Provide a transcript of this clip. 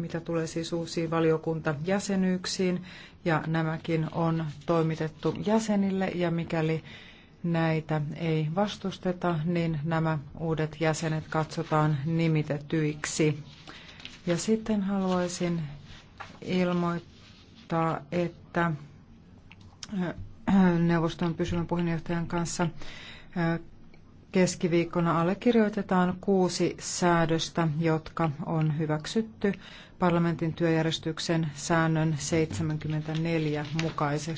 mitä tulee siis uusiin valiokuntajäsenyyksiin, ja nämäkin on toimitettu jäsenille, ja mikäli näitä ei vastusteta, niin nämä uudet jäsenet katsotaan nimitetyiksi. Ja sitten haluaisin ilmoittaa, että äh, neuvoston pysyvän puheenjohtajan kanssa äh, keskiviikkona allekirjoitetaan kuusi säädöstä, jotka on hyväksytty parlamentin työjärjestyksen säännön 74 mukaisesti.